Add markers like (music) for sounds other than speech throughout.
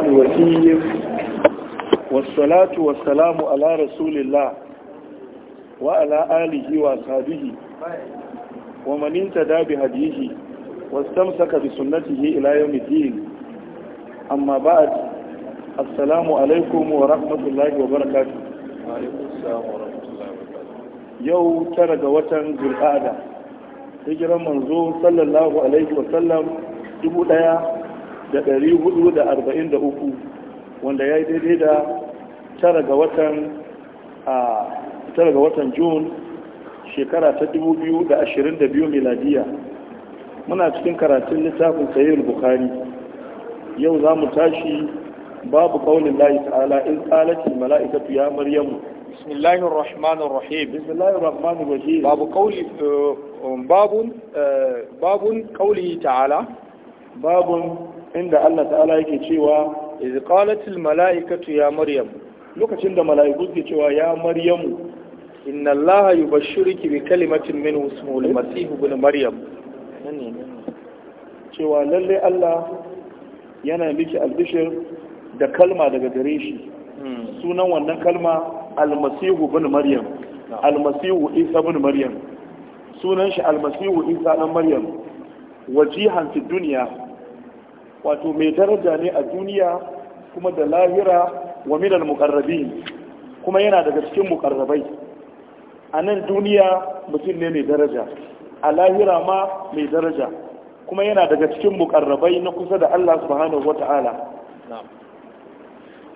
الرحمن الرحيم والصلاة والسلام على رسول الله وعلى آله وأصحابه ومن انتدى بهديه واستمسك بسنته إلى يوم الدين أما بعد السلام عليكم ورحمة الله وبركاته وعليكم السلام ورحمة الله وبركاته يوم ترك وطن ذو القعدة hijiran manzo sallallahu alaihi wasallam dubu daya da ɗari hudu da arba'in da uku wanda ya yi daidai da 9 ga watan a jun shekara ta dubu miladiya muna cikin karatun littafin sayyid bukari, yau za mu tashi babu kaunin layi ta'ala in tsalaki mala'ikatu ya maryamu بسم الله الرحمن الرحيم بسم الله الرحمن الرحيم باب قول باب باب قوله تعالى باب inda Allah ta'ala yake cewa izi qalatil mala'ikatu ya maryam lokacin da mala'iku ke cewa ya maryamu inna Allah yubashshiruki bi kalimatin min ismuhu al-masih ibn maryam cewa lalle Allah yana miki albishir da kalma daga gare shi hmm. sunan wannan kalma almasihu ibn maryam almasihu isa ibn maryam sunan shi almasihu isa dan maryam wajihan fi duniya wato mai daraja ne a duniya kuma da lahira wa minal muqarrabin kuma yana daga cikin muqarrabai a nan duniya mutum ne mai daraja a lahira ma mai daraja kuma yana daga cikin muqarrabai na kusa da Allah subhanahu wata'ala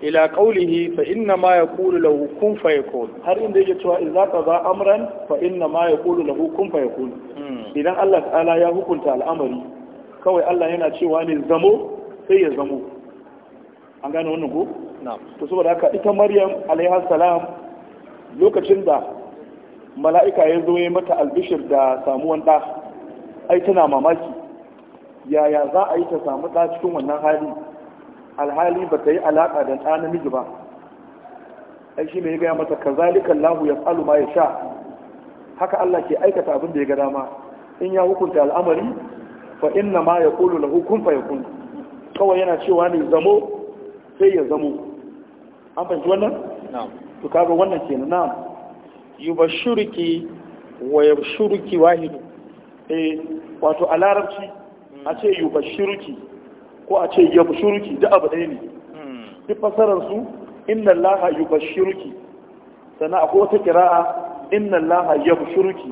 ila qawlihi fa inna ma yaqulu lahu kun fayakun har inda yake cewa idza qada amran fa inna ma yaqulu lahu kun fayakun hmm. idan Allah ta'ala ya hukunta al'amari kawai Allah yana cewa ne zamo sai ya zamo an gane wannan ko to saboda haka ita Maryam alaiha salam lokacin da mala'ika ya zo ya mata albishir da samuwan da ai tana mamaki yaya za a yi ta samu da cikin wannan hali alhali ba ta yi alaka da ɗa namiji ba ai shi ne ya gaya mata kazalika Allahu ya ma ya sha haka Allah ke aikata abin da ya ga dama in ya hukunta al'amari fa inna ma ya kulu lahu kun fa yakun kawai yana cewa ne zamo sai ya zamo an fahimci wannan na'am to kaga wannan kenan na'am yubashiruki wa yabshiruki wahidu eh wato a larabci a ce yubashiruki ko a ce yabshiruki duk abu ɗaya ne hmm. duk fasarar su inna allaha yubashiruki sannan akwai wata kira'a inna allaha yabshiruki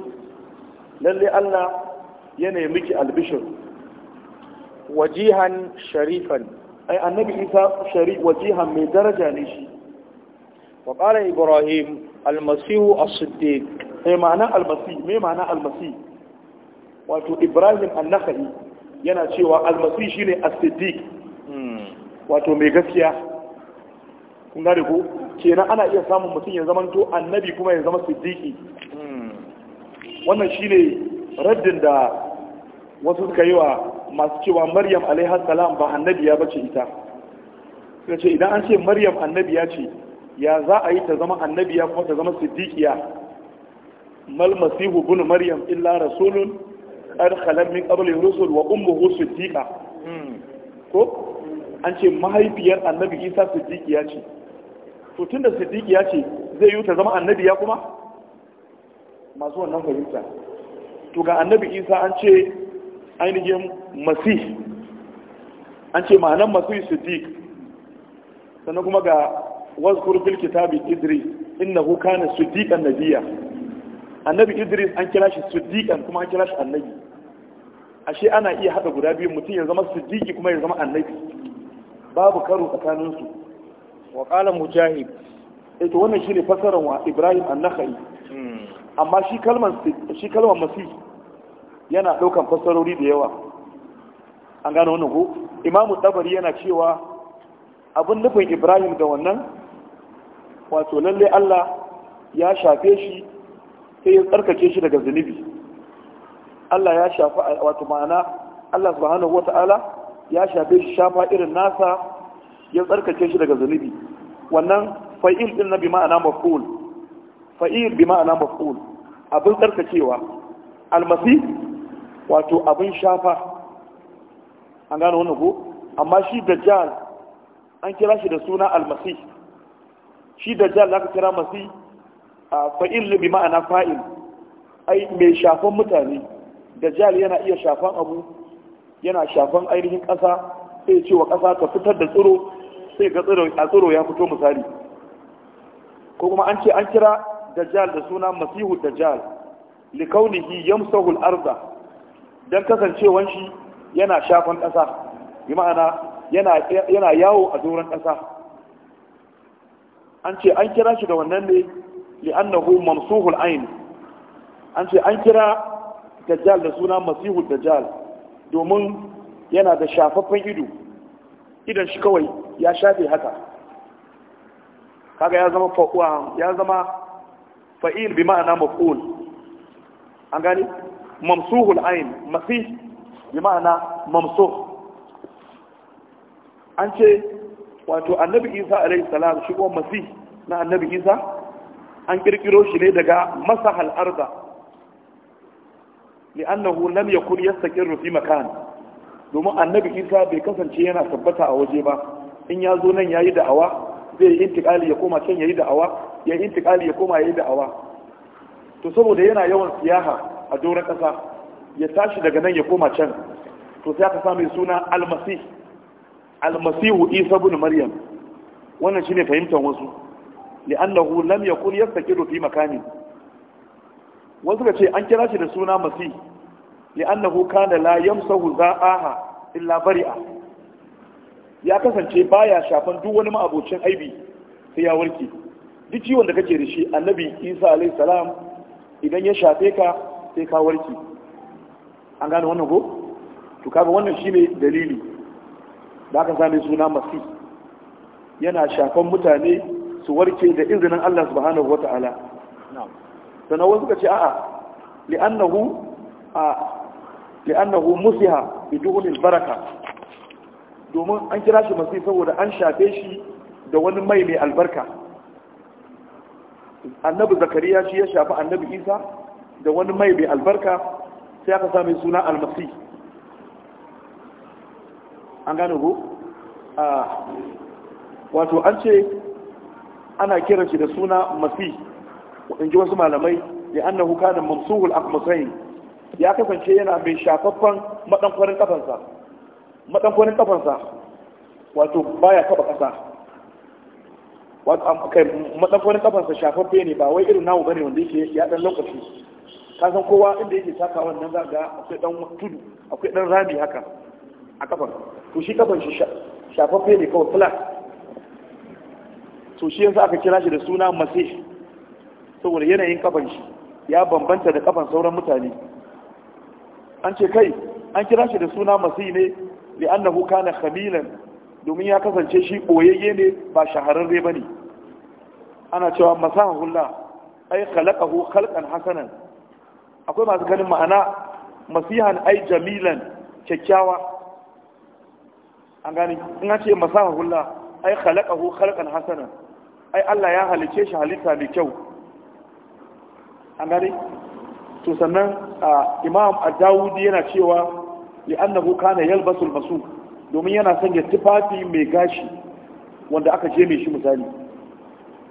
lalle Allah yana miki albishir wajihan sharifan ai annabi isa sharif wajihan mai daraja ne shi wa qala ibrahim almasihu as-siddiq ai ma'ana almasih me ma'ana almasih wato ibrahim an-nakhai yana cewa almasih shine as-siddiq hmm. wato mai gaskiya kun gane ko kenan ana iya samun mutum ya zama to annabi kuma ya zama siddiqi hmm. wannan shine raddin da wasu suka yi wa masu cewa maryam alaihar salam ba annabiya bace ita suka ce idan an ce maryam annabiya ce ya za a yi ta zama annabiya kuma ta zama siddiqiya mal masihu ibn maryam illa rasulun qad khala min qablihi rusul wa ummuhu siddiqa ko an ce mahaifiyar annabi isa siddiqiya ce to tunda siddiqiya ce zai yi ta zama annabiya kuma masu wannan fahimta to ga annabi isa an ce ainihin masih an ce ma'anan masih siddiq sannan kuma ga wasu fil kitabi idris innahu kana siddiqan nabiya annabi idris an kira shi siddiqan kuma an kira shi annabi ashe ana iya haɗa guda biyu mutum ya zama siddiqi kuma ya zama annabi babu karo tsakaninsu su wa mujahid ita eh, to wannan ne fasarar wa ibrahim an hmm. amma shi shi kalmar masih yana ɗaukan fassarori da yawa an gano wannan ko imamu tabari yana cewa abin nufin ibrahim da wannan wato lalle allah ya shafe shi sai ya tsarkake shi daga zunubi allah ya shafa wato ma'ana allah subhanahu wata'ala ya shafe shi shafa irin nasa ya tsarkake shi daga zunubi wannan fa'il din na bi ma'ana maf'ul fa'il bi ma'ana maf'ul abin tsarkakewa almasi wato abin shafa an gano wannan ko amma shi dajjal an kira shi da suna almasi shi dajjal za ka kira masi a fa'il bi ma'ana fa'il ai mai shafan mutane dajjal yana iya shafan abu yana shafan ainihin ƙasa sai ce wa ƙasa ta fitar da tsiro sai ga tsiro ya fito misali ko kuma an ce an kira dajjal da suna masihu dajjal likaunihi yamsahu al-arda don kasancewan shi yana shafan ƙasa bi ma'ana yana yawo a doron ƙasa an ce an kira shi da wannan ne li'annahu mamsuhul ain an ce an kira dajjal da suna masihul dajjal domin yana da shafaffen ido idan shi kawai ya shafe haka kaga ya zama fa'il bi ma'ana maf'ul an gani mamsuhul ayin masih bi ma'ana mamsuh an ce wato annabi isa alaihi salam shi kuma masih na annabi isa an kirkiro shi ne daga masahal arda li'annahu lam yakun yastaqirru fi makan domin annabi isa bai kasance yana tabbata a waje ba in ya zo nan yayi da'awa zai yi intikali ya koma can yayi da'awa ya yi intikali ya koma yayi da'awa to saboda yana yawan siyaha a doron ƙasa ya tashi daga nan ya koma can to sai aka samu suna almasih almasihu isa bin maryam wannan shine fahimtar wasu li'annahu lam yakun yastaqiru fi makani wasu ce an kira shi da suna masih li'annahu kana la yamsahu za'aha illa bari'a ya kasance baya shafan duk wani ma'abocin aibi sai ya warke duk ciwon da kake da shi annabi isa alayhi salam idan ya shafe ka sai ka warke an gane wannan ko to kaga wannan shine dalili da aka sami suna masi yana shafan mutane su warke da izinin Allah subhanahu wata'ala sannan wasu ka ce a'a li'annahu a li'annahu musiha bidun baraka domin an kira shi masi saboda an shafe shi da wani mai mai albarka annabi zakariya shi ya shafi annabi isa da wani mai bai albarka sai aka sami suna almasi an gane ku a ah. wato an ce ana kiran shi da suna masi in ji wasu malamai ya annahu kana mamsuhul akmasain ya kasance yana mai shafaffan madankwarin kafansa madankwarin kafansa wato baya taba kasa wato kai madankwarin kafansa shafaffe ne ba wai irin nawo bane wanda yake ya dan lokaci kasan kowa inda yake saka wannan za ga akwai dan tudu akwai dan rami haka a kafan to shi kafan shi shafaffe ne kawai flat to shi yanzu aka kira shi da suna mace saboda yanayin kafan shi ya bambanta da kafan sauran mutane an ce kai an kira shi da suna Masi ne li annahu kana khamilan domin ya kasance shi boyayye ne ba shahararre ne. ana cewa masahullah ay khalaqahu khalqan hasanan akwai masu ganin ma'ana masihan ai jamilan kyakkyawa an gani in an ce masaha hulla ai khalaqahu khalqan hasanan ai Allah ya halice shi halitta mai kyau an gani to sannan imam ad daudi yana cewa li annahu kana yalbasul masu domin yana sanya tufafi mai gashi wanda aka je mai shi misali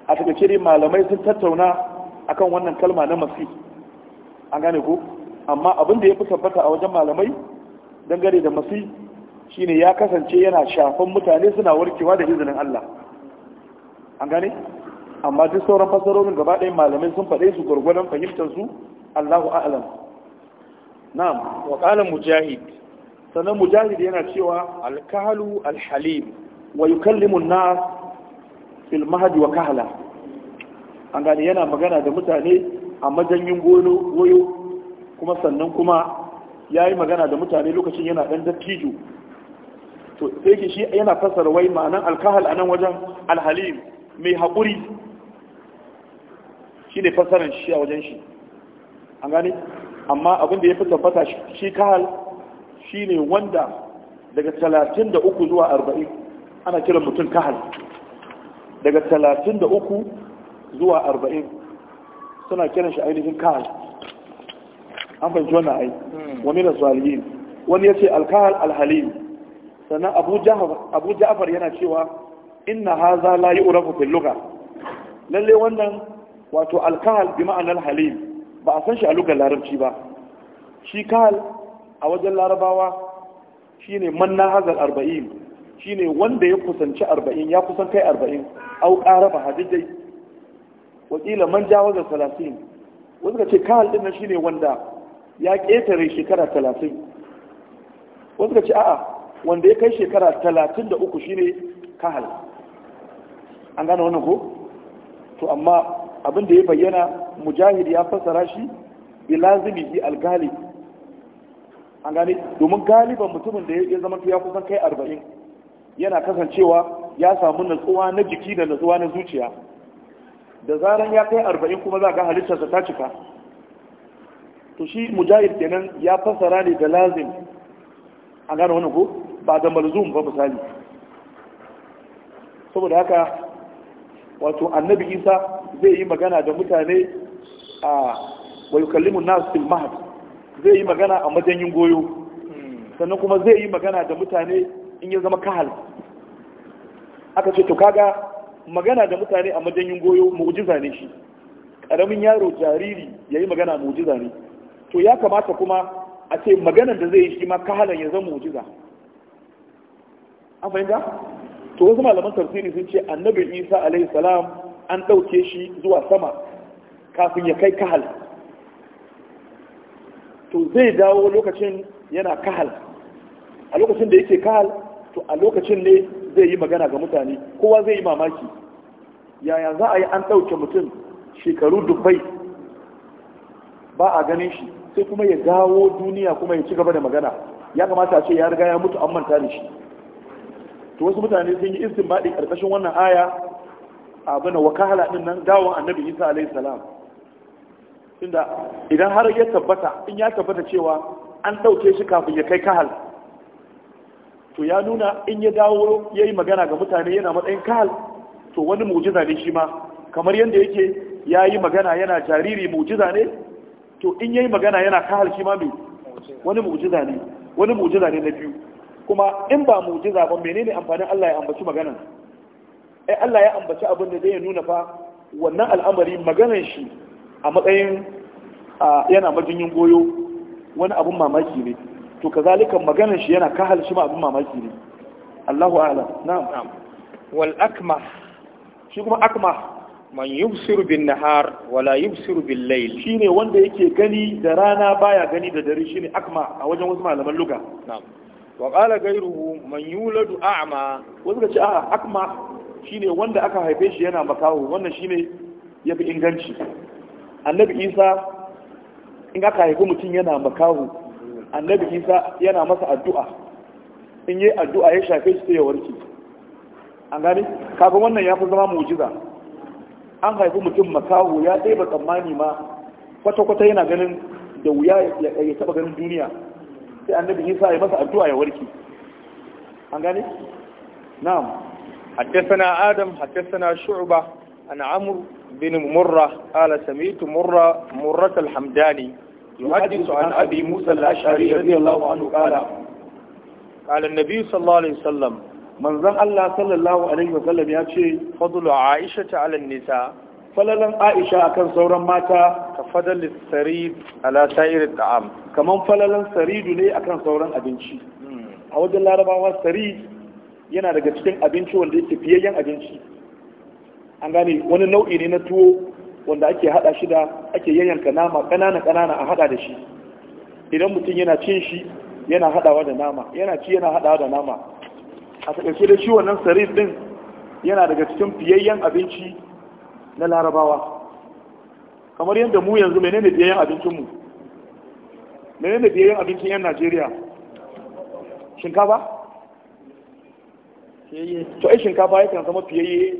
a cikin malamai sun tattauna akan wannan kalma na masih an gane ko amma abin da ya fi tabbata a wajen malamai dangane da shi shine ya kasance yana shafan mutane suna warkewa da izinin Allah an gane amma duk sauran fasarorin gaba ɗaya malamai sun faɗe su gwargwadon fahimtar su Allahu a'lam na'am wa qala mujahid sanan mujahid yana cewa al-kahlu al-halim wa yukallimu an-nas fil wa kahla an gane yana magana da mutane a majanyin goyo kuma sannan kuma ya yi magana da mutane lokacin yana ɗan dattijo to sai shi yana fasar wai ma'anan alkahal a nan wajen alhalim mai haƙuri shi ne fasarar shi a wajen shi an gani amma abin da ya fi tabbata shi kahal shi ne wanda daga talatin da uku zuwa arba'in ana kiran mutum kahal daga talatin da uku zuwa arba'in suna kiran shi ainihin kahal an fahimci wannan ai Wani min as wani ya ce alkahal al sannan abu ja'far yana cewa inna hadha la yu'rafu fil lugha lalle wannan wato alkahal kahal bi ma'anar halim ba a san shi a lugar larabci ba shi kahal a wajen larabawa shine manna nahazal arba'in shine wanda ya kusanci arba'in ya kusan kai arba'in au qaraba hadidai wakila man da talatin wasu ka ce kahal din nan shine wanda ya ƙetare shekara talatin wasu ka ce a'a wanda ya kai shekara talatin da uku shine kahal an gane wannan ko to amma abin da ya bayyana mujahid ya fassara shi bi lazimi bi algali an gane domin galiban mutumin da ya zama ya kusan kai arba'in yana kasancewa ya samu natsuwa na jiki da natsuwa na zuciya da zaran ya kai arba'in kuma za ga halittarsa ta cika to shi mujahid kenan ya fassara ne da lazim an gane wani ko ba da malzum ba misali saboda haka wato annabi isa zai yi magana da mutane a wayukallimun nasu fil mahad zai yi magana a majanyin goyo sannan kuma zai yi magana da mutane in ya zama kahal aka ce to kaga magana da mutane a majanyin goyo mu'jiza ne shi karamin yaro jariri ya yi magana mu'jiza ne to ya kamata kuma a ce maganar da zai yi shi ma kahalan ya zama mu'jiza an fahimta to wasu malaman tafsiri sun ce annabi Isa alaihi salam an ɗauke shi zuwa sama kafin ya kai kahal to zai dawo lokacin yana kahal a lokacin da yake kahal to a lokacin ne zai yi magana ga mutane kowa zai yi mamaki yaya za a yi an ɗauke mutum shekaru dubbai ba a ganin shi sai kuma ya dawo duniya kuma ya ci gaba da magana ya kamata a ce ya riga ya mutu an manta da shi to wasu mutane sun yi baɗi ƙarƙashin wannan aya abin wakala ɗin nan gawon annabi isa alaihi salam Inda idan har ya tabbata in ya tabbata cewa an ɗauke shi kafin ya kai kahal to ya nuna in ya dawo ya yi magana ga mutane yana matsayin kahal to wani mujiza ne shi ma kamar yadda yake ya yi magana yana jariri mujiza ne to in ya yi magana yana kahal shi ma mai wani mujiza ne wani mujiza ne na biyu kuma in ba mujiza ba mene ne amfanin Allah ya ambaci maganan ai eh, Allah ya ambaci abin da zai nuna fa wannan al'amari maganan shi a matsayin yana majinyin goyo wani abun mamaki ne to kazalika maganar shi yana kahal shi ma abin mamaki ne Allahu a'lam na'am wal akma shi kuma akma man yubsiru bin nahar wala yubsiru bil layl shine wanda yake gani da rana baya gani da dare shine akma a wajen wasu malaman luga na'am wa qala ghayruhu man yuladu a'ma wasu ka ce a'a akma shine wanda aka haife shi yana makaho wannan shine yafi inganci annabi isa in aka haifi mutum yana makaho annabi isa yana masa addu'a in yi addu'a ya shafe shi sai ya warke an gani kaga wannan ya fi zama mujiza an haifi mutum makaho ya ɗaya tsammani ma kwata-kwata yana ganin da wuya ya taɓa ganin duniya sai annabi isa ya masa addu'a ya warke an gani na'am حدثنا adam حدثنا شعبة عن bin بن مرة قال سمعت مرة مرة Hamdani. يحدث عن أبي موسى الأشعري رضي الله عنه قال قال النبي صلى الله عليه وسلم من ذن الله صلى الله عليه وسلم يأتي فضل عائشة على النساء falalan aisha akan sauran mata ka fadalin sarid ala sa'irin ta'am kaman falalan saridu ne akan sauran abinci a wajen larabawa sarid yana daga cikin abinci wanda yake fiyayyen abinci an gane wani nau'i ne na tuwo wanda ake hada shi da ake yayyanka nama kanana kanana a hada da shi idan mutum yana cin shi yana hadawa da nama yana ci yana hadawa da nama a takaice da shi wannan sarif din yana daga cikin fiyayyen abinci na larabawa kamar yadda mu yanzu menene fiyayyen abincin mu menene fiyayyen abincin yan Najeriya shinkafa to ai shinkafa yakan zama fiyayye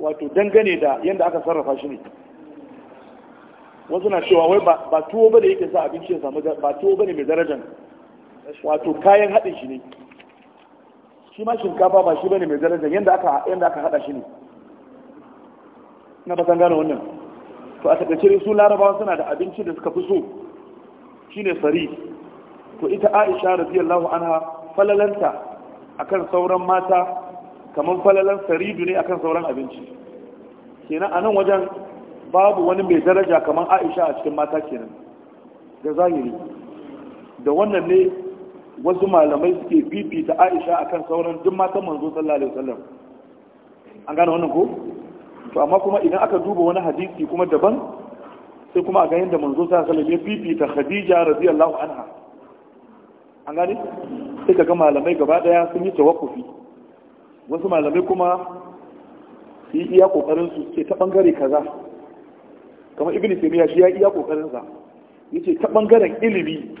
wato dangane da yadda aka sarrafa shi ne wasu na cewa wai ba tuwo ba da yake sa abinci ya samu ba tuwo ba ne mai darajan wato kayan haɗin shi ne shi ma shinkafa ba shi ba ne mai darajan yadda aka yadda aka haɗa shi ne na basan gane wannan to a takaice su larabawa suna da abinci da suka fi so shine sari to ita Aisha radiyallahu anha falalanta akan sauran mata kamar falalan saridu ne akan sauran abinci kenan a nan wajen babu wani mai daraja kamar aisha a cikin mata kenan da zahiri da wannan ne wasu malamai suke fifita aisha akan sauran duk matan manzo sallallahu alaihi wasallam an gane wannan ko to amma kuma idan aka duba wani hadisi kuma daban sai kuma a ga yadda manzo sallallahu alaihi wasallam ya fifita khadija radiyallahu anha an gane sai ka ga malamai gaba daya sun yi tawakkufi wasu malamai kuma su yi iya kokarin su ce ta bangare kaza kamar ibn taymiya shi ya iya kokarin sa yace ta bangaren ilimi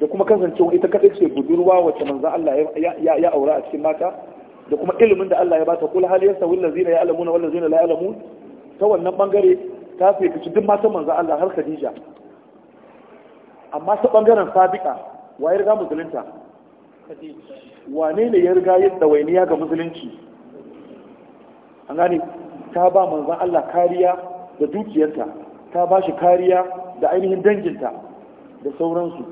da kuma kasancewa ita kadai ce budurwa wacce manzo Allah ya aura a cikin mata da kuma ilimin da Allah ya bata kul hal yasawi allazina ya'lamuna wal ladzina la ya'lamun ta wannan bangare ta fifici duk matan manzo Allah har Khadija amma ta bangaren sabiqa wa ya riga musulunta wane ne ya riga yin dawainiya ga musulunci an gane ta ba manzan Allah kariya da dukiyarta ta ba shi kariya da ainihin danginta da sauransu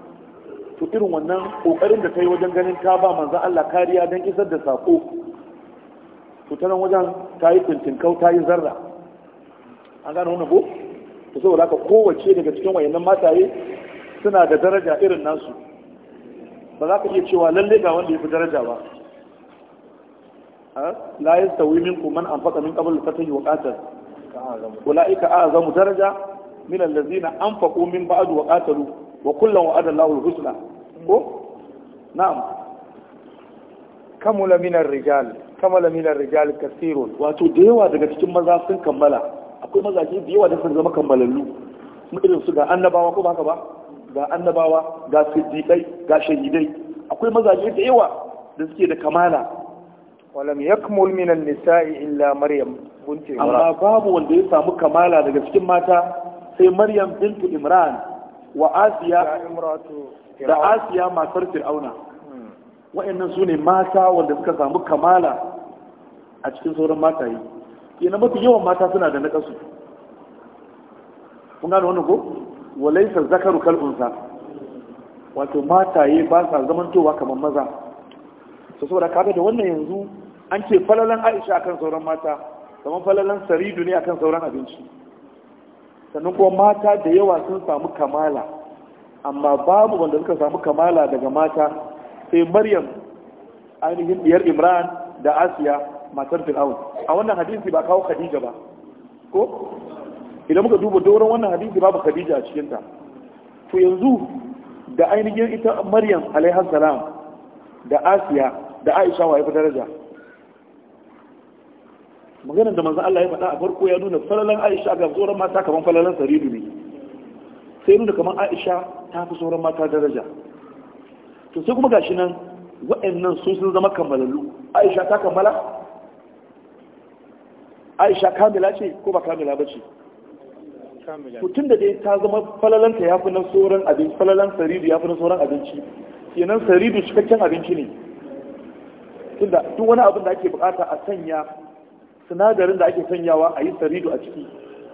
to irin wannan kokarin da ta yi wajen ganin ta ba manzan Allah kariya don isar da sako to ta nan wajen ta yi tuntunkau ta yi zarra an gane wani ko ta saboda haka kowace daga cikin wayannan mataye suna da daraja irin nasu ba za ka iya cewa lalle ga wanda ya fi daraja ba la yastawi minkum man anfaqa min qabl ta yi wa ƙatar. ulaika a'zamu daraja min allazina anfaqu min ba'd wa qatalu wa kullu wa'ada Allahu al-husna ko na'am kamula min ar-rijal kamala min ar-rijal kathirun wato da yawa daga cikin maza sun kammala akwai mazaje da yawa da sun zama kammalallu mutum su ga annabawa ko ba haka ba ga annabawa ga siddiqai ga shahidai akwai mazaje da yawa da suke da kamala ولم يكمل من النساء nisai illa maryam عمران amma babu wanda ya samu kamala daga cikin mata sai maryam bintu imran wa asiya da asiya matar نسوني ماتا su سكا mata wanda suka samu kamala a cikin sauran mataye mafi yawan mata suna da nakasu kun gane wannan ko walaisa zakaru kal unsa wato mataye ba sa zamantowa kamar maza saboda kaga da wannan yanzu an ce falalan aisha akan sauran mata kamar falalan saridu ne akan sauran abinci sannan kuma mata da yawa sun samu kamala amma babu wanda suka samu kamala daga mata sai maryam ainihin diyar imran da asiya matar fir'aun a wannan hadisi ba kawo khadija ba ko idan muka duba doron wannan hadisi babu khadija a cikinta to yanzu da ainihin ita maryam alaihi salam da asiya da aisha wa ya fi daraja maganar da manzan Allah ya faɗa a farko ya nuna falalan Aisha ga sauran mata kamar falalan saridu ne sai nuna kamar Aisha ta fi sauran mata daraja to sai kuma gashi nan waɗannan sun sun zama kammalallu Aisha ta kammala Aisha kamila ce ko ba kamila ba ce mutum da dai ta zama falalan ya fi na sauran abinci falalan saridu ya fi na sauran abinci kenan saridu cikakken abinci ne tunda duk wani abin da ake bukata a sanya sinadarin da ake sanyawa a yi saridu a ciki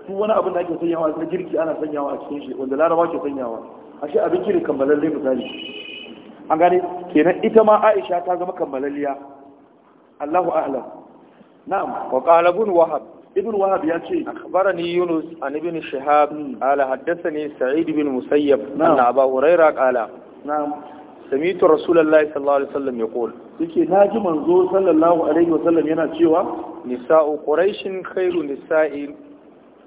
duk wani abin da ake sanyawa na girki ana sanyawa a cikin shi wanda larabawa ke sanyawa a shi abinci ne kammalalle misali an gane kenan ita ma aisha ta zama kammalalliya allahu a'lam na'am wa qala ibn wahab ibn wahab ya ce akhbarani yunus an ibn shihab hmm. qala haddathani sa'id ibn musayyab anna abu hurairah qala na'am samitu rasulullahi sallallahu alaihi wasallam ya kol yake naji manzo sallallahu alaihi wasallam yana cewa nisa'u quraishin khairu nisa'i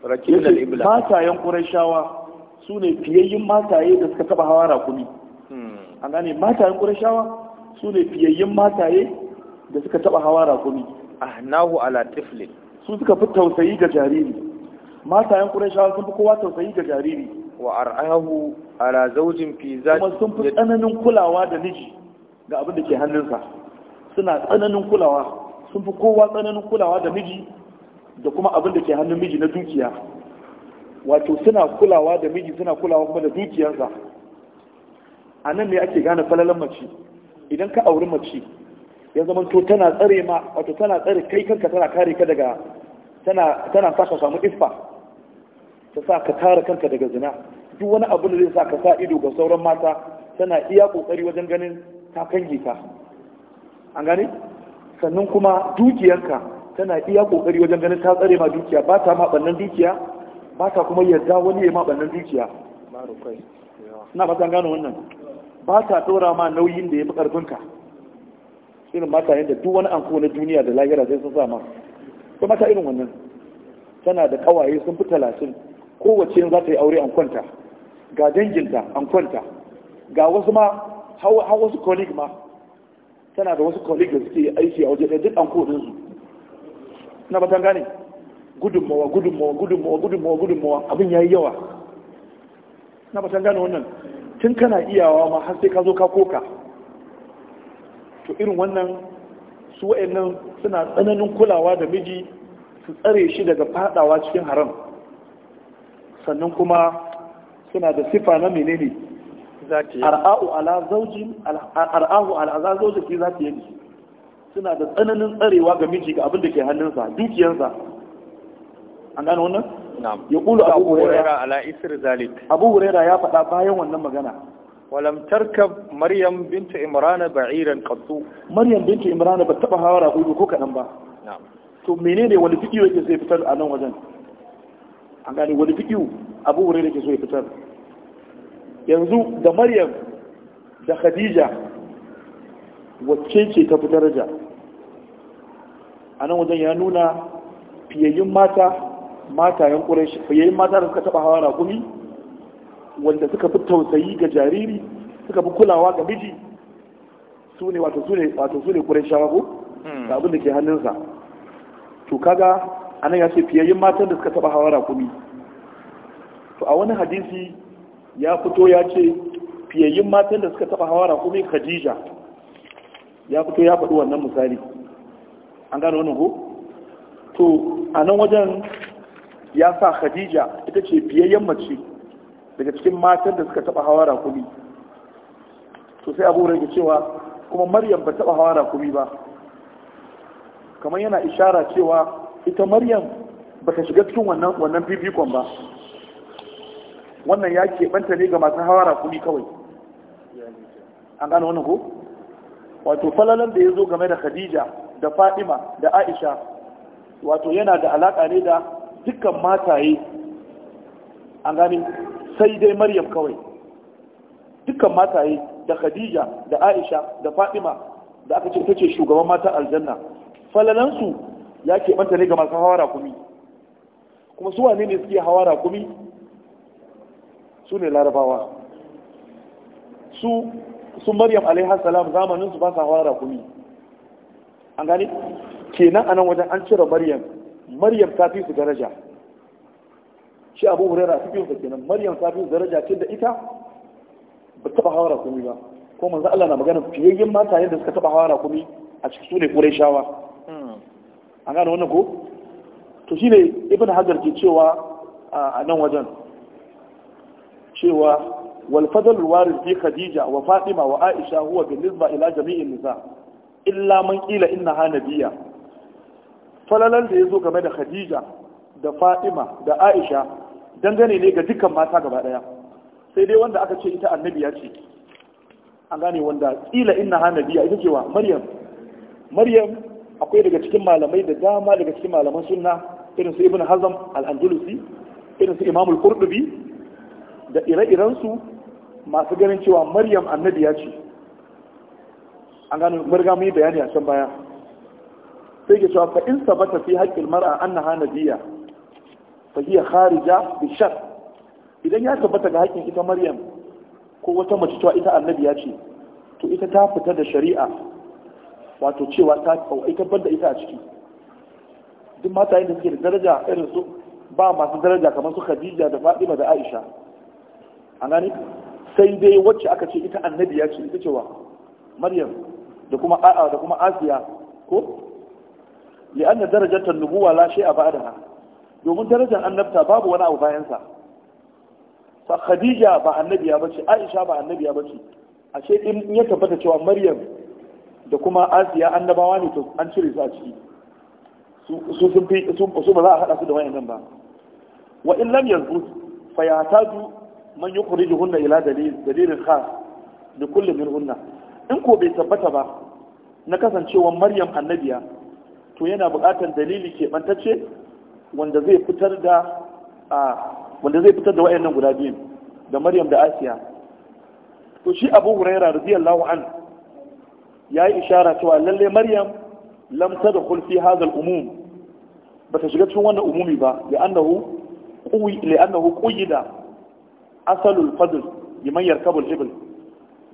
rakin al-ibla matayen quraishawa sune fiyayyin mataye da suka taba hawa rakumi hmm. an gane matayen quraishawa sune fiyayyin mataye da suka taba hawa rakumi ahnahu ala tiflin su suka fi tausayi ga jariri matayen quraishawa sun fi kowa tausayi ga jariri wa ar'ahu ala zawjin fi zati kuma sun fi tsananin kulawa da miji ga abin da ke hannunsa suna tsananin kulawa sun fi kowa tsananin kulawa da miji da kuma abin da ke hannun miji na dukiya wato suna kulawa da miji suna kulawa kuma da dukiyarsa a nan ne ake gane falalan mace idan ka auri mace ya zama to tana tsare ma wato tana tsare kai kanka tana kare ka daga tana tana saka samu iffa ta sa ka tara kanka daga zina duk wani abu da zai sa ka sa ido ga sauran mata tana iya kokari wajen ganin ta kange ka an gane sannan kuma dukiyarka tana iya kokari wajen ganin ta tsare ma dukiya ba ta ma bannan dukiya ba ta kuma yarda wani ya ma bannan dukiya na ba ta gano wannan ba ta tsora ma nauyin da ya fi ka. irin mata yadda duk wani anko na duniya da lahira zai sun sa ma kuma ta irin wannan tana da kawaye sun fi talatin kowace za ta yi aure an kwanta ga danginta an kwanta ga wasu ma har wasu kolik ma tana da wasu kolik da suke aiki a waje da duk an kowace su na batan gane gudunmawa gudunmawa gudunmawa gudunmawa gudunmawa abin ya yi yawa na batan gane wannan tun kana iyawa ma har sai ka zo ka koka to irin wannan su wa'annan suna tsananin kulawa da miji su tsare shi daga fadawa cikin haram sannan kuma suna da sifa na menene ar'ahu ala zauji ar'a'u ala zauji fi suna da tsananin tsarewa ga miji ga abin da ke hannunsa dukiyarsa an gano wannan ya ƙulu abu wurera zalik ya faɗa bayan wannan magana walam tarka maryam binta imrana ba'iran qattu maryam binta imrana ba taba hawa raƙumi ko kaɗan ba na'am to menene wani fikiyo yake sai fitar a nan wajen an gane wani fikiyu abu wurin da ke so ya fitar yanzu da maryam da khadija wacce ce ta fi daraja a nan wajen ya nuna fiyayyun mata matayen ƙurashi fiyayyun mata da suka taɓa hawa kumi wanda suka fi tausayi ga jariri suka fi kulawa ga miji su ne wato su ne wato su ko da hmm. abin da ke hannunsa to kaga anan ya ce fiyayyen matan da suka taba hawa rakumi to a wani hadisi ya fito ya ce fiyayyen matan da suka taba hawa rakumi khadija ya fito ya faɗi wannan misali an gano wani ko to a nan wajen ya sa khadija ita ce fiyayyen mace daga cikin matan da suka taba hawa rakumi to sai abu rage cewa kuma maryam ba taba hawa rakumi ba kamar yana ishara cewa ita maryam ba ta shiga cikin wannan bibikon fifikon ba wannan ya keɓanta ne ga masu hawara kuni kawai an gano wani ko wato falalan da ya zo game da khadija da fadima da aisha wato yana da alaƙa ne da dukkan mataye an gane sai dai maryam kawai dukkan mataye da khadija da aisha da fadima da aka ce ta ce shugaban mata aljanna falalansu ya keɓanta ne ga masu hawa rakumi kuma su wane ne suke hawa rakumi su ne larabawa su su maryam alaihar salam zamanin su ba su hawa rakumi an gani kenan a nan wajen an cire maryam maryam ta fi su daraja shi abu hurera cikin sa kenan maryam ta fi su daraja ce da ita ba taba hawa kumi ba ko manzo Allah na magana fiyayyen mata yadda suka taba hawa kumi a cikin su ne shawa. an gane wannan ko to shine ibn hajar ke cewa a nan wajen cewa wal fadl warid fi khadija wa fatima wa aisha huwa bin nisba ila jami'in nisa illa man qila ha nabiyya falalan da yazo game da khadija da fatima da aisha dangane ne ga dukkan mata gaba daya sai dai wanda aka ce ita annabiya ce an gane wanda qila ha nabiyya ita cewa maryam maryam akwai daga cikin malamai da dama daga cikin malaman sunna irin su ibn hazm al-andalusi irin su imam al-qurtubi da ire-iren masu ganin cewa maryam annabi ya ce an gano marga mun bayani a can baya sai ke cewa fa in sabata fi haqqil mar'a annaha nabiyya fa hiya kharija bi shar idan ya tabbata ga haƙƙin ita maryam ko wata mace cewa ita annabi ya ce to ita ta fita da shari'a wato cewa ta tabbatar da ita a ciki duk mata da suke da daraja irin su ba masu daraja kamar su khadija da fadima da aisha a gani sai dai wacce aka ce ita annabiya ce ita cewa maryam da kuma a'a da kuma asiya ko li'anna darajatar nubuwa la shay'a ba'daha domin darajar annabta babu wani abu bayan sa fa khadija ba annabiya bace aisha ba annabiya bace ashe in ya tabbata cewa maryam da kuma asiya annabawa ne to an cire su a ciki su sun fi su ba za a hada su da wayannan ba wa in lam yanzu fa yataju man yukhrijuhunna ila dalil dalilin khas kullum kulli hunna in ko bai tabbata ba na kasancewan maryam annabiya to yana buƙatar dalili keɓantacce wanda zai fitar da a wanda zai fitar da nan guda biyu da maryam da asiya to shi abu huraira radiyallahu anhu ya yi ishara cewa lalle maryam lam da fi hadha al-umum ta shiga cikin wannan umumi ba li'annahu quwi li'annahu asalul fadl liman yarkabu al-ibl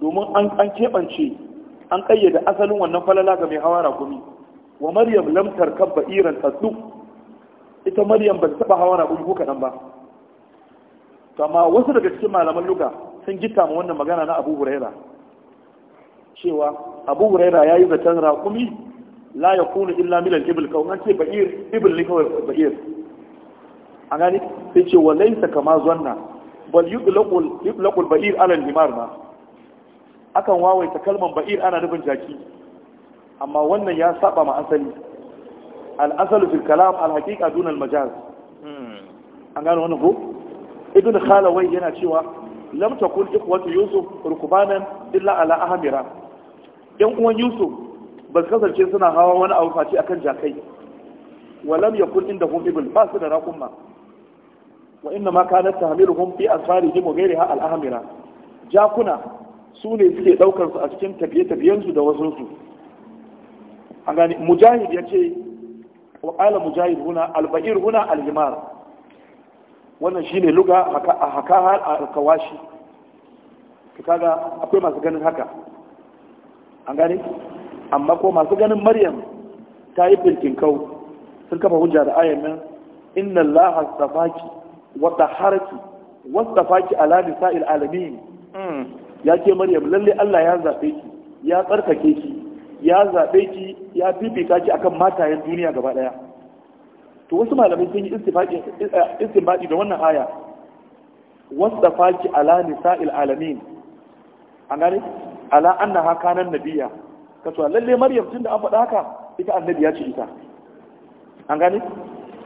domin an an kebance an kayyade asalin wannan falala ga mai hawa rakumi wa maryam lam tarkab ba'iran tasduq ita maryam ba ta taba hawa rakumi ko kadan ba kama wasu daga cikin malaman luga sun gita ma wannan magana na abu huraira cewa abu huraira ya yi zaton raƙumi la ya kuna illa milan ibil kawai an ce ba'ir ibil ne kawai ba'ir a gani sai ce wa laisa kama zonna bal yutlaqul ba'ir ala limar ma akan wawaita kalman ba'ir ana nufin jaki amma wannan ya saba ma asali al asalu fil kalam al haqiqa dun al majaz hmm. an gano wannan ko ibn khalawai yana cewa lam takun ikhwatu yusuf rukbanan illa ala ahmira yan uwan yusuf ba su kasance suna hawa wani abu faci akan jakai walam yakun inda hum ibn ba su da raƙumma wa inna ma kanat tahmiluhum fi asfarihim wa ghayriha al-ahmira jakuna su ne suke daukar a cikin tafiye-tafiyen da wasu su an gani mujahid yace wa qala mujahid huna al-ba'ir huna al-himar wannan shine luga haka haka al-kawashi kaga akwai masu ganin haka an gane amma ko masu ganin maryam ta yi filkin kau sun kafa hujja da ayan nan inna allaha astafaki wa taharaki wa astafaki ala nisa'il alamin hmm. ya ce maryam lalle allah ya zabe ki ya tsarkake ki ya zabe ki ya fifita ki akan matayen duniya gaba daya to wasu malamai sun yi eh, istinbadi da wannan aya wa astafaki ala nisa'il alamin an gane ala annaha kanan nabiyya ka to lalle maryam tunda an faɗa haka ita annabi ya ce ita an gani?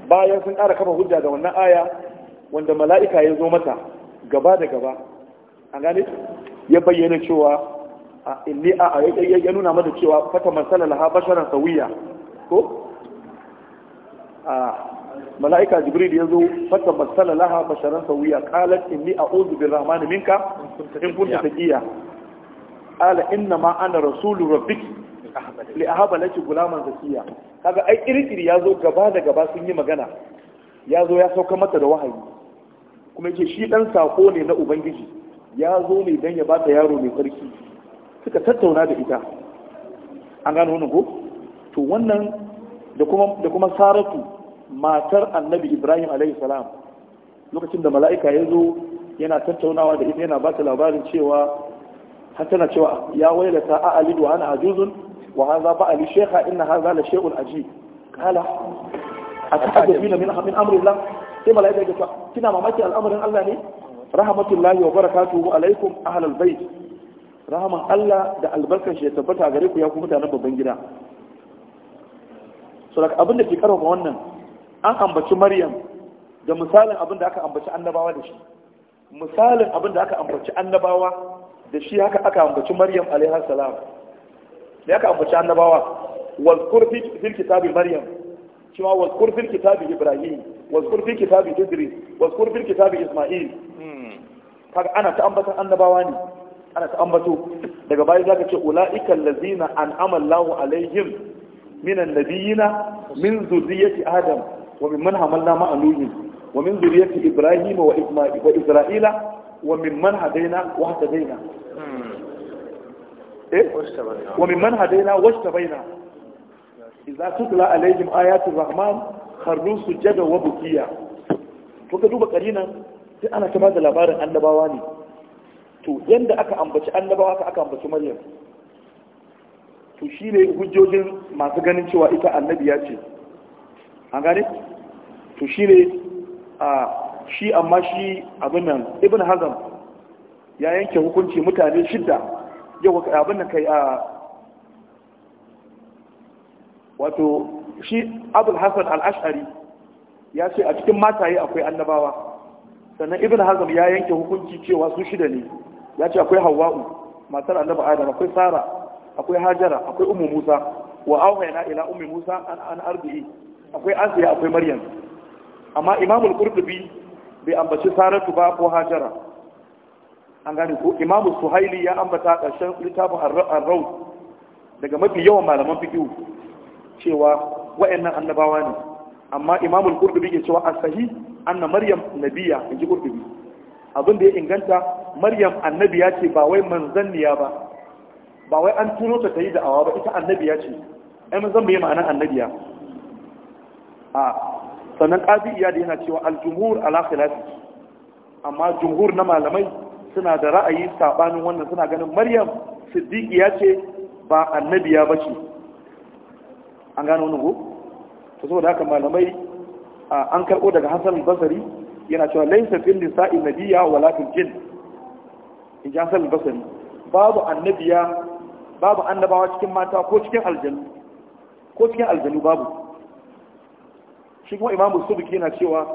bayan sun ƙara kafa hujja da wannan aya wanda mala'ika ya zo mata gaba da gaba an gani? ya bayyana cewa inni a ya nuna mata cewa fata masala ha basharan sawiya ko a mala'ika jibril ya zo fata masala ha basharan sawiya qalat inni a'udhu birrahmani minka in kunta taqiya ala inna ma ana rasulu rabbik li ahaba laki gulaman zakiya kaga ai ya yazo gaba da gaba sun yi magana yazo ya sauka mata da wahayi kuma yake shi dan sako ne na ubangiji ya zo ne dan ya bata yaro mai sarki suka tattauna da ita an gano wannan ko to wannan da kuma da kuma saratu matar annabi ibrahim alaihi salam lokacin da mala'ika ya zo yana tattaunawa da ita yana ba labarin cewa har tana cewa ya ta a alidu wa ana ajuzun wa hadha ba ali shaykha inna hadha la shay'un ajib kala na min min amri Allah sai malaika ya ce kina mamaki al'amarin Allah ne rahmatullahi wa barakatuhu alaikum ahlal bait rahaman Allah da albarkar shi ya tabbata gare ku ya ku mutanen babban gida so daga abin da ke karfafa wannan an ambaci Maryam da misalin abin da aka ambaci annabawa da shi misalin abin da aka ambaci annabawa da shi haka aka ambaci maryam alaihi salam da aka ambaci annabawa wazkur fil kitabi maryam cewa wazkur fil kitabi ibrahim wazkur fil kitabi idris wazkur fil kitabi isma'il hmm. kaga ana ta ambata annabawa ne ana ta ambato daga baya zaka ce ulaika allazina an'ama Allahu alaihim minan nabiyina min zurriyyati adam wa mimman hamalna ma'a nuhin wa min zurriyyati ibrahim wa isma'il wa isra'ila wa mimman hadaina wa hadaina hmm. eh wa mimman hadaina wa hadaina rahman kharru sujada wa bukiya to ka duba karinan sai ana ta bada labarin annabawa ne to yanda aka ambaci annabawa ka aka ambaci maryam to shi ne hujjojin masu ganin cewa ita annabiya ce an gane to shi ne a shi amma shi abin nan ibn hazam ya yanke hukunci mutane shidda yau abin nan kai a wato shi abul hasan al-ash'ari ya ce a cikin mataye akwai annabawa sannan ibn hazam ya yanke hukunci cewa su shida ne ya ce akwai hawa'u matar annaba adam akwai sara akwai hajara akwai ummu musa wa auhayna ila ummi musa an arbi akwai asiya akwai maryam amma imamul qurtubi bai ambaci saratu ba ko hajara an gane ko imamu suhaili ya ambata ƙarshen littafin arraud daga mafi yawan malaman fiƙiyu cewa wa'annan annabawa ne amma imamul qurtubi ke cewa asahi anna maryam nabiya inji qurtubi abin da ya inganta maryam annabiya ce ba wai manzanniya ba ba wai an tuno ta tayi da'awa ba ita annabiya ce ai manzan zan bai ma'ana annabiya a sannan iya da yana cewa aljumhur jumhur ala khilafi amma jumhur na malamai suna da ra'ayi sabanin wannan suna ganin maryam ya ce ba annabiya bace an gano wani go to saboda haka malamai an karbo daga Hassan Basari yana cewa laysa fil nisa'i nabiyya walakin jin in ji Hassan Basari babu annabiya babu annabawa cikin mata ko cikin aljanu ko cikin aljanu babu shi kuma imamu biki yana cewa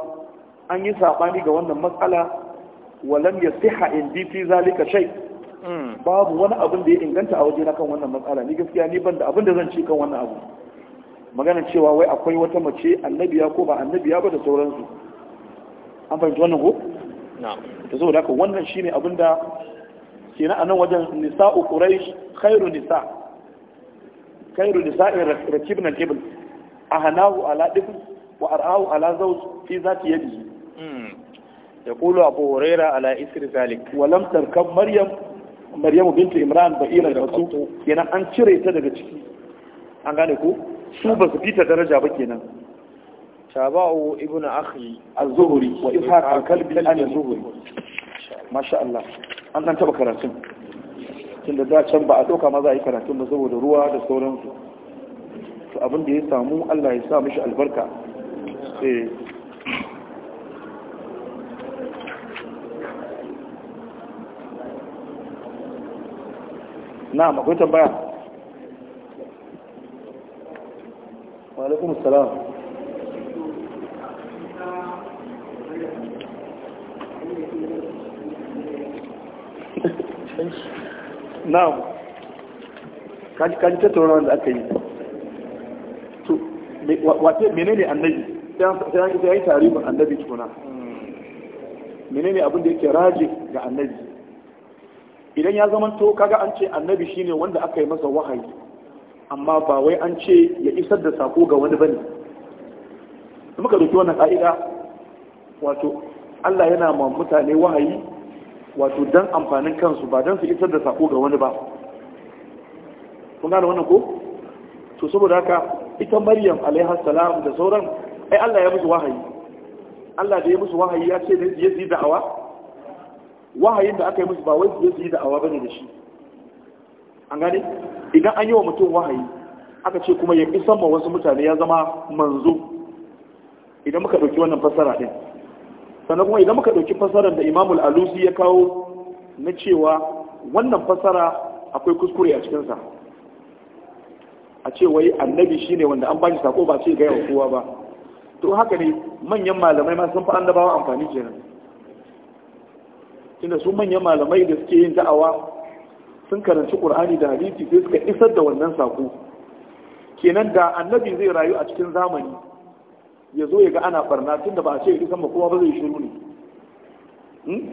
an yi sabani ga wannan matsala walam in bi fi zalika shay hmm. babu wani abin da ya inganta a waje na kan wannan matsala ni gaskiya ni ban da abin da zan ci kan wannan abu magana cewa wai akwai wata mace annabiya ko ba annabiya ba da sauransu an fahimci wannan ko to saboda haka wannan shine abin da ke na anan wajen nisa'u quraish khairu nisa khairu nisa'i rakibna jibl ahnahu ala difn wa ar'ahu ala zawj fi zati yadihi يقول أبو هريرة على إثر ذلك ولم تركب مريم مريم بنت إمران بئيرة رسول kenan an cire ta daga ciki an gane ko su ba su fita daraja ba kenan tabahu ibnu akhi az-zuhri wa ishaq al-kalbi an-zuhri masha Allah an dan taba karatun tunda da can ba a doka ma za a yi karatun ba saboda ruwa da sauransu to abin da ya samu Allah ya sa mishi albarka Eh. na akwai tambaya walaikun salam (laughs) na kaji tauraron da aka yi wato menene annabi sai ya yi tarihin annabi tukuna menene abin da yake raji ga annabi idan ya zama to kaga an ce annabi shine wanda aka yi masa wahayi amma ba wai an ce ya isar da sako ga wani bane muka dauki wannan ka'ida wato Allah yana ma mutane wahayi wato dan amfanin kansu ba dan su isar da sako ga wani ba kun gane wannan ko to saboda haka ita Maryam alaiha salam da sauran ai Allah ya musu wahayi Allah da ya musu wahayi ya ce da su yi da'awa wahayin da aka yi musu ba wai su yi da'awa bane da shi an gane idan an yi wa mutum wahayi aka ce kuma ya isan ma wasu mutane ya zama manzo idan muka ɗauki wannan fassara din. sannan kuma idan muka ɗauki fassarar da imamul alusi ya kawo na cewa wannan fassara akwai kuskure a cikinsa a ce wai annabi shine wanda an bashi sako ba ce ga yawa kowa ba to haka ne manyan malamai ma sun fi annabawa amfani kenan tunda su manyan malamai da suke yin da'awa sun karanci qur'ani da hadisi sai suka isar da wannan sako kenan da annabi zai rayu a cikin zamani ya zo ya ga ana barna tunda ba a ce isan ba kowa ba zai shiru ne hmm?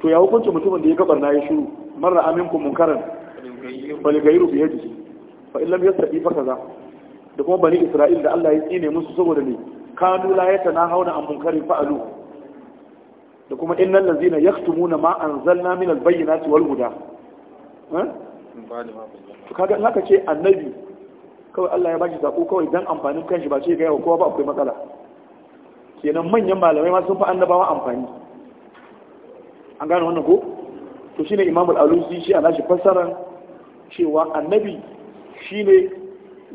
to ya hukunci mutumin da ya ga barna ya shiru marar aminku munkaran balgairu jiki. fa illam yastati fa kaza da kuma bani isra'il da Allah ya tsine musu saboda ne kanu la yatanahawna an munkarin fa'alu da kuma innal ladzina yaktumuna ma anzalna min albayyinati wal huda to kaga in haka ce annabi kawai Allah ya bashi sako kawai dan amfanin kanshi ba ce ga yawa kowa ba akwai matsala kenan manyan malamai ma sun fi annabawa amfani an gane wannan ko to shine imamul alusi shi a nashi fassara cewa annabi shine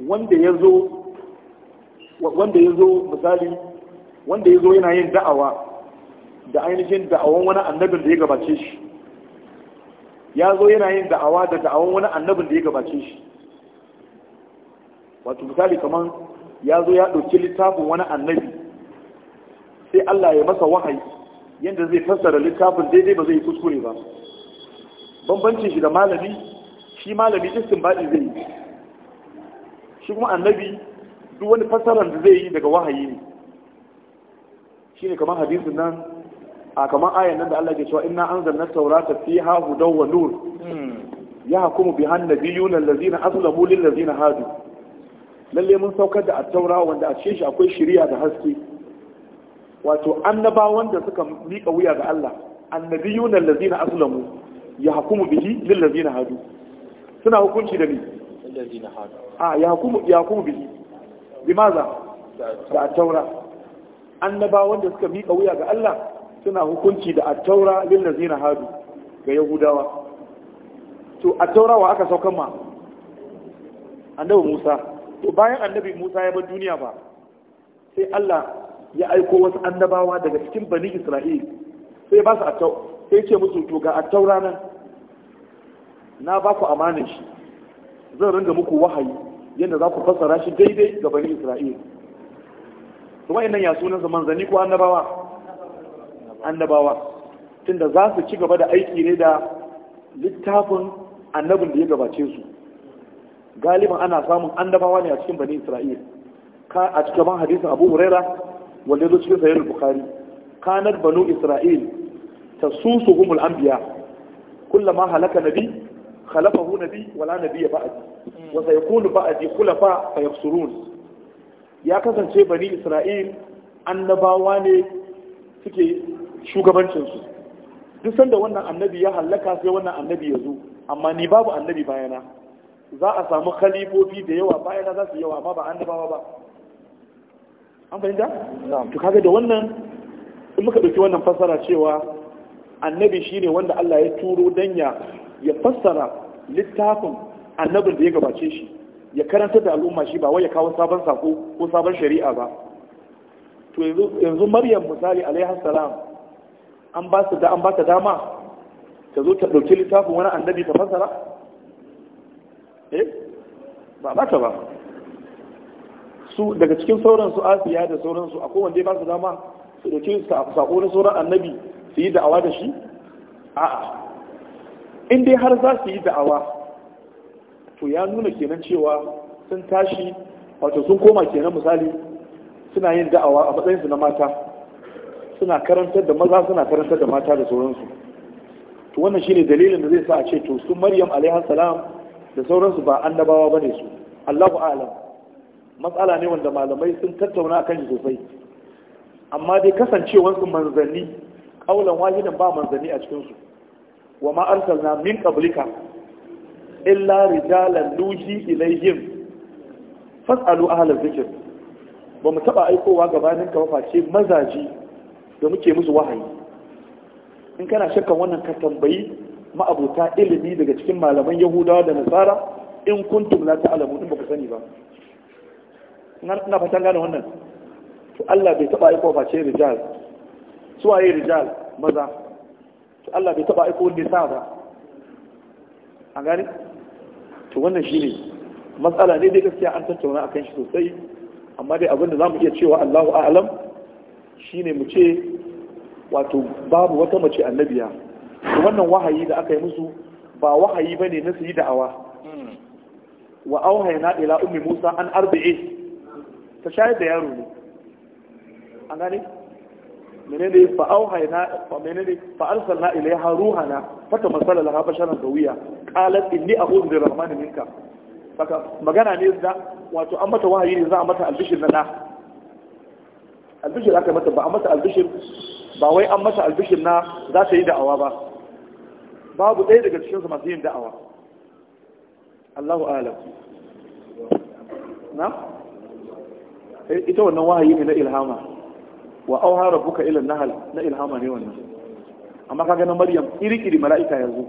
wanda ya zo misali wanda ya zo yana yin da'awa da ainihin da'awan wani annabin da ya gabace shi ya zo yana yin da'awa da da'awan wani annabin da ya gabace shi wato misali kamar ya zo ya ɗauki littafin wani annabi sai Allah ya masa wahayi yadda zai fassara littafin daidai ba zai kuskure ba bambancin shi da malami shi malami baɗi zai yi shi kuma annabi duk wani fassarar da zai yi daga wahayi ne shi ne kamar hadisin nan a kamar ayan nan da Allah ke cewa inna anzalna taurata fiha hudaw wa nur hmm. ya yahkumu biha an-nabiyuna allazina aslamu lil ladzina hadu lalle mun saukar da at-taura wanda a cikin shi akwai shari'a da haske wato annabawan da suka miƙa wuya ga Allah Annabi annabiyuna allazina aslamu yahkumu bihi lil ladzina hadu suna hukunci da ni lillazina yakubu yakubu bihi da taura annabawan da suka mika wuya ga Allah suna hukunci da at-taura lillazina hadu ga yahudawa to at-taura wa aka saukan ma annabi Musa to bayan annabi Musa ya bar duniya ba sai Allah ya aiko wasu annabawa daga cikin bani Isra'il sai ba su at-taura sai ce musu to ga at-taura nan na ba ku amanin shi zan ringa muku wahayi yadda za ku fassara shi daidai ga bani isra'il su nan ya sunan su manzanni ko annabawa annabawa tunda za su ci gaba da aiki ne da littafin annabin da ya gabace su galiban ana samun annabawa ne a cikin bani isra'il ka a cikin hadisin abu huraira wanda zo cikin sayar bukari kanar banu isra'il ta susu humul anbiya kullama halaka nabi khalafahu nabi wala nabiyya ba'di wa sayakunu ba'di khulafa fayafsurun ya kasance bani isra'il annabawa ne suke shugabancin su duk sanda wannan annabi ya hallaka sai wannan annabi ya zo amma ni babu annabi bayana za a samu khalifofi da yawa bayana za su yawa amma ba annabawa ba an fahimta to kaga da wannan in muka dauki wannan fassara cewa annabi shine wanda Allah ya turo dan ya fassara littafin annabin da ya gabace shi ya karanta da al'umma shi ba wai ya kawo sabon sako ko sabon shari'a ba to yanzu maryam misali alaihi salam an ba su da an ba ta dama ta zo ta dauki littafin wani annabi ta fasara eh ba ba ta ba su daga cikin sauran su asiya da sauran su akwai wanda ya ba su dama su dauki sako na sauran annabi su yi da'awa da shi a'a in dai har za su yi da'awa to ya nuna kenan cewa sun tashi wato sun koma kenan misali suna yin da'awa a matsayinsu na mata suna karantar da maza suna karantar da mata da sauransu to wannan shine dalilin da zai sa a ce to su maryam alaihi salam da sauransu ba annabawa bane su Allahu a'lam matsala ne wanda malamai sun tattauna a akan shi sosai amma dai kasancewar su manzanni kaulan wahidan ba manzanni a cikinsu. wa ma arsalna min qablika illa rijalan nuhi ilayhim fas'alu ahlal zikr ba mu taba aikowa gabanin ka face mazaji da muke musu wahayi in kana shakkan wannan ka tambayi ma'abuta ilimi daga cikin malaman yahudawa da nasara in kuntum la ta'lamu in baka sani ba ina fatan gane wannan to Allah bai taba aikowa face rijal suwaye rijal maza to Allah bai taba aiko wanda ya sa ba A gane to wannan shine matsala ne dai gaskiya an tattauna akan shi sosai amma dai abinda zamu iya cewa Allahu a'lam shine mu ce wato babu wata mace annabiya wannan wahayi da aka yi musu ba wahayi bane na su yi da'awa wa auhayna ila ummi Musa an arba'e. ta shayar da yaro ne an gani menene fa auhayna fa menene fa arsalna ilayha ruhana ta masala laha basharan dawiya qalat inni a'udhu bi rahman minka saka magana ne da wato an mata wahayi ne za a mata albishir na da albishir aka mata ba a mata albishir ba wai an mata albishir na za ta yi da'awa ba babu ɗaya daga cikin su masu yin da'awa Allahu a'lam na eh, ita wannan wahayi ne na ilhama wa auha rabbuka ila nahl na ilhama ne wannan amma kaga na maryam irikiri mala'ika yazo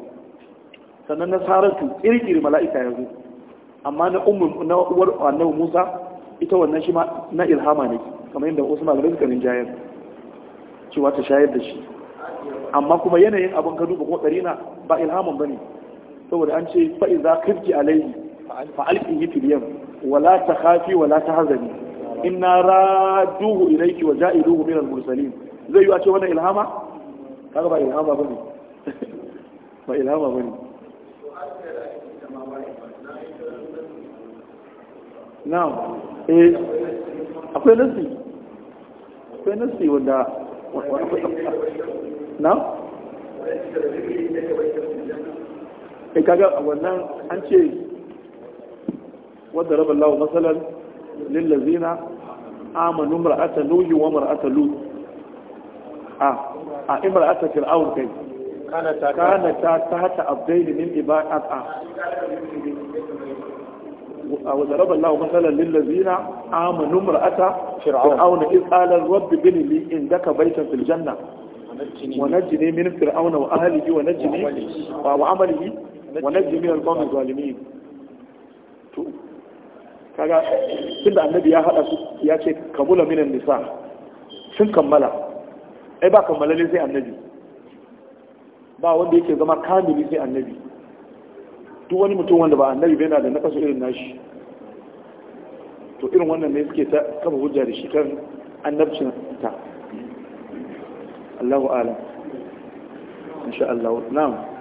sannan na saratu irikiri mala'ika yazo amma na ummu na uwar annabi Musa ita wannan shi ma na ilhama ne kamar yadda usman bin zakarin rinjayar cewa ta shayar da shi amma kuma yanayin abin ka duba kokari na ba ilhaman bane saboda an ce fa iza kifki alaihi fa alqihi fil yam wala takhafi wala tahzani inna raduhu ilayki wa ja'iluhu min al-mursalin zai yi a ce wannan ilhama kaga ba ilhama bane (laughs) ba ilhama bane na'am eh akwai nasi akwai nasi wanda (laughs) na'am eh kaga wannan an ce wadda raballahu masalan lillazina amanu mar'ata nuhi wa mar'ata lut a a imra'ata fir'aun kai kana ta kana ta abdaini min ibadat a wa daraba Allahu mathalan fir'aun fir'aun iz qala indaka baytan fil janna wa najini min fir'aun wa ahlihi wa najini kaga tunda annabi ya hada su ya ce kamula minan nisa sun kammala ai ba kammala ne sai annabi ba wanda yake zama kamili sai annabi duk wani mutum wanda ba annabi bai na da nakasu irin nashi to irin wannan ne suke ta kafa hujja da shi kan annabcin ta Allahu a'lam insha Allah na'am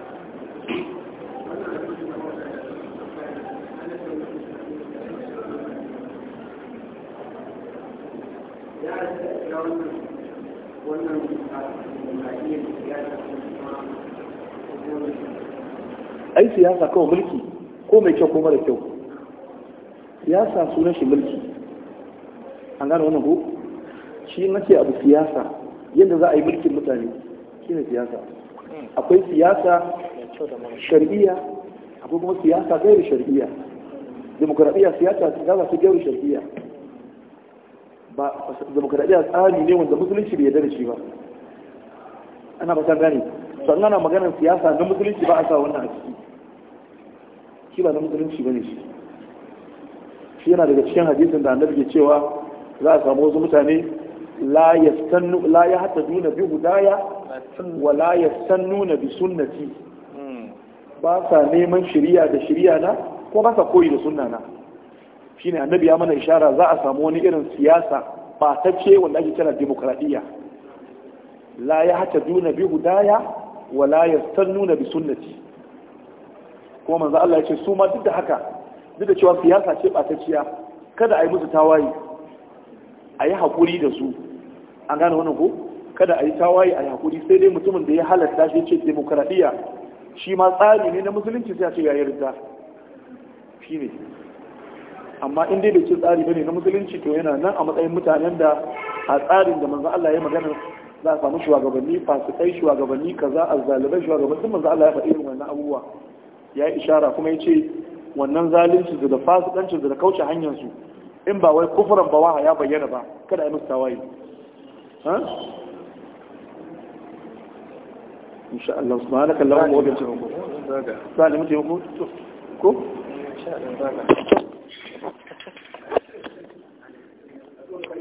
ai siyasa kawai mulki ko mai kyau ko mara kyau siyasa sunan shi mulki an gane wannan ko shi nake abu siyasa yadda za a yi mulkin mutane shi ne siyasa akwai siyasa shari'iyya akwai kuma siyasa gairu shari'iyya demokradiyya siyasa siyasa su gairu shari'iyya ba demokradiyya tsari ne wanda musulunci bai yarda da shi ba ana fata gane sannan ana maganar siyasa na musulunci ba a sa wannan a ciki shi ba na musulunci ba ne shi shi yana daga cikin hadisin da annabi ke cewa za a samu wasu mutane la ya hata nuna bi hudaya wa la ya san nuna bi sunnati hmm. ba sa neman shirya da shirya na ko ba sa koyi da sunna na shine annabi ya mana ishara za a samu wani irin siyasa ce wanda ake kira demokradiyya la ya hata duna bi hudaya wa la yastannu bi sunnati kuma manzo Allah ya ce su ma duk da haka duk da cewa siyasa ce ciya kada a yi musu tawaye a yi haƙuri da su an gane wannan ko kada a yi tawaye a yi haƙuri sai dai mutumin da ya halatta shi ce demokradiyya shi ma tsari ne na musulunci sai a ce ya yarda shi ne amma in dai bai ce tsari bane na musulunci to yana nan a matsayin mutanen da a tsarin da manzo Allah ya magana za a samu shugabanni fasikai shugabanni kaza azzalibai shugabanni sun manzo Allah ya faɗi irin wannan abubuwa ya yi ishara kuma ya ce wannan zalunci da fasikanci da kauce hanyar su in ba wai kufuran bawaha ya bayyana ba kada a yi musu tawaye إن شاء الله سبحانك اللهم وبحمدك ظالم تيمكو كو